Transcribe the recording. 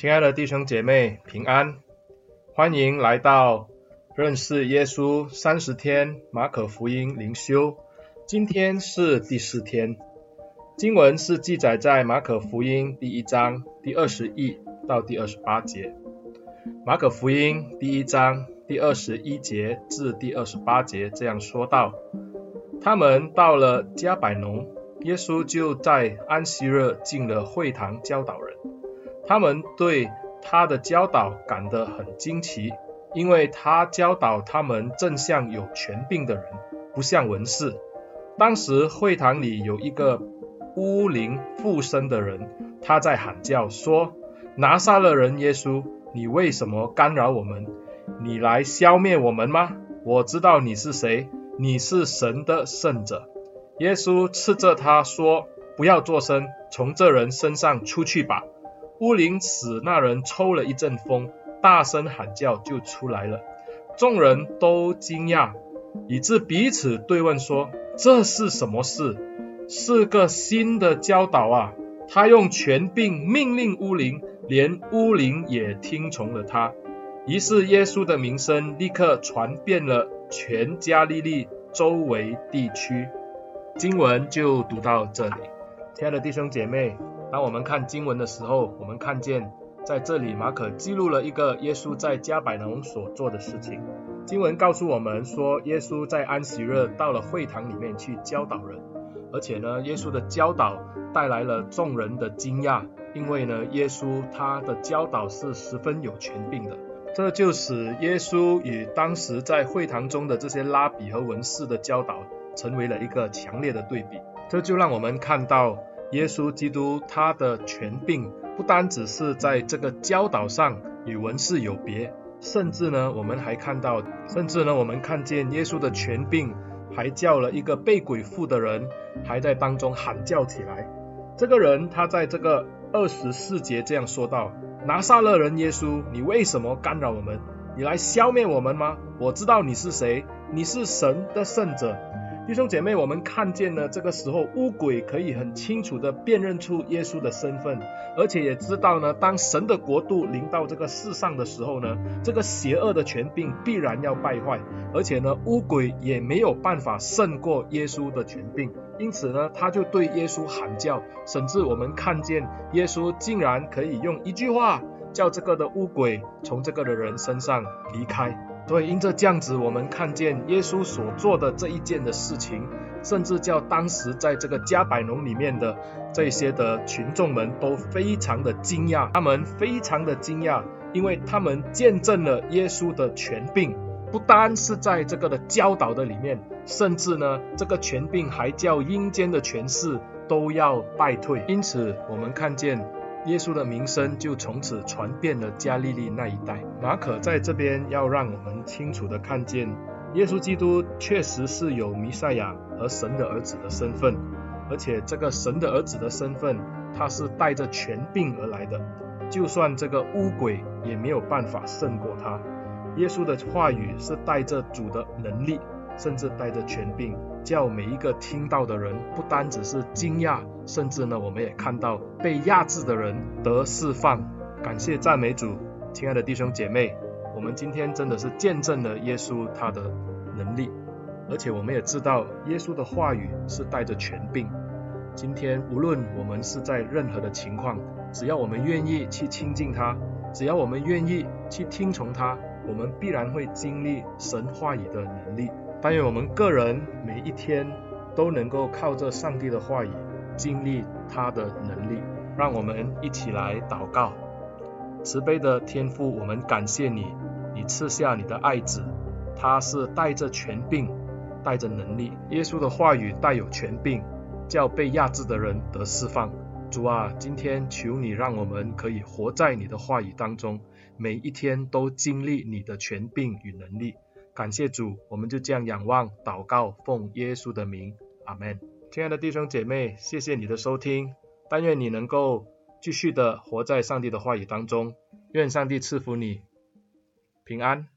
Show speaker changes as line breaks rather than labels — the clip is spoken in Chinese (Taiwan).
親愛的弟兄姐妹，平安！歡迎來到認識耶穌三十天馬可福音靈修，今天是第四天。經文是記載在馬可福音第一章第二十一到第二十八節。馬可福音第一章第二十一節至第二十八節這樣說道：他們到了迦百農，耶穌就在安息日進了會堂教導人。他們對他的教導感到很驚奇，因為他教導他們正像有權柄的人，不像文士。當時會堂裡有一個污靈附身的人，他在喊叫說：“拿撒勒人耶穌，你為什麼干擾我們？你來消滅我們嗎？我知道你是誰，你是神的聖者。”耶穌斥責他說：“不要作聲，從這人身上出去吧。”污鬼使那人抽了一陣瘋，大聲喊叫就出來了。眾人都驚訝，以致彼此對問說：“這是什麼事？”是個新的教導啊！他用權柄命令污鬼，連污鬼也聽從了他。於是耶穌的名聲立刻傳遍了全加利利周圍地區。經文就讀到這裡，親愛的弟兄姐妹。當我們看經文的時候，我們看見在這裡馬可記錄了一個耶穌在迦百農所做的事情。經文告訴我們說，耶穌在安息日到了會堂裡面去教導人，而且呢，耶穌的教導帶來了眾人的驚訝，因為呢，耶穌他的教導是十分有權柄的，這就使耶穌與當時在會堂中的這些拉比和文士的教導成為了一個強烈的對比，這就讓我們看到。耶穌基督他的權柄不單只是在這個教導上與文士有別，甚至呢，我們還看到，甚至呢，我們看見耶穌的權柄還叫了一個被鬼附的人還在當中喊叫起來。這個人他在這個二十四節這樣說道：“拿撒勒人耶穌，你為什麼干擾我們？你來消滅我們嗎？我知道你是誰，你是神的聖者。”弟兄姐妹，我們看見呢，這個時候污鬼，可以很清楚地辨認出耶穌的身份，而且也知道呢，當神的國度臨到這個世上的時候呢，這個邪惡的權柄必然要敗壞，而且呢，污鬼也沒有辦法勝過耶穌的權柄，因此呢，他就對耶穌喊叫，甚至我們看見耶穌竟然可以用一句話叫這個的污鬼從這個的人身上離開。對，因這這樣子，我們看見耶穌所做的這一件的事情，甚至叫當時在這個迦百農裡面的這些的群眾們都非常的驚訝，他們非常的驚訝，因為他們見證了耶穌的權柄，不單是在這個的教導的裡面，甚至呢，這個權柄還叫陰間的權勢都要敗退。因此，我們看見。耶穌的名聲就從此傳遍了加利利那一帶。馬可在這邊要讓我們清楚的看見，耶穌基督確實是有彌賽亞和神的兒子的身份，而且這個神的兒子的身份，他是帶着權柄而來的，就算這個污鬼，也沒有辦法勝過他。耶穌的話語是帶着主的能力，甚至帶着權柄，叫每一個聽到的人不單只是驚訝，甚至呢，我們也看到被壓制的人得釋放。感謝讚美主，親愛的弟兄姐妹，我們今天真的是見證了耶穌他的能力，而且我們也知道耶穌的話語是帶着權柄。今天無論我們是在任何的情況，只要我們願意去親近他，只要我們願意去聽從他。我們必然會經歷神話語的能力。但願我們個人每一天都能夠靠着上帝的話語經歷他的能力。讓我們一起來禱告：慈悲的天父，我們感謝你，你賜下你的愛子，他是帶着權柄、帶着能力。耶穌的話語帶有權柄，叫被壓制的人得釋放。主啊，今天求你讓我們可以活在你的話語當中。每一天都經歷你的權柄與能力，感謝主，我們就這樣仰望、禱告，奉耶穌的名，阿門。親愛的弟兄姐妹，謝謝你的收聽，但願你能夠繼續的活在上帝的話語當中，願上帝賜福你，平安。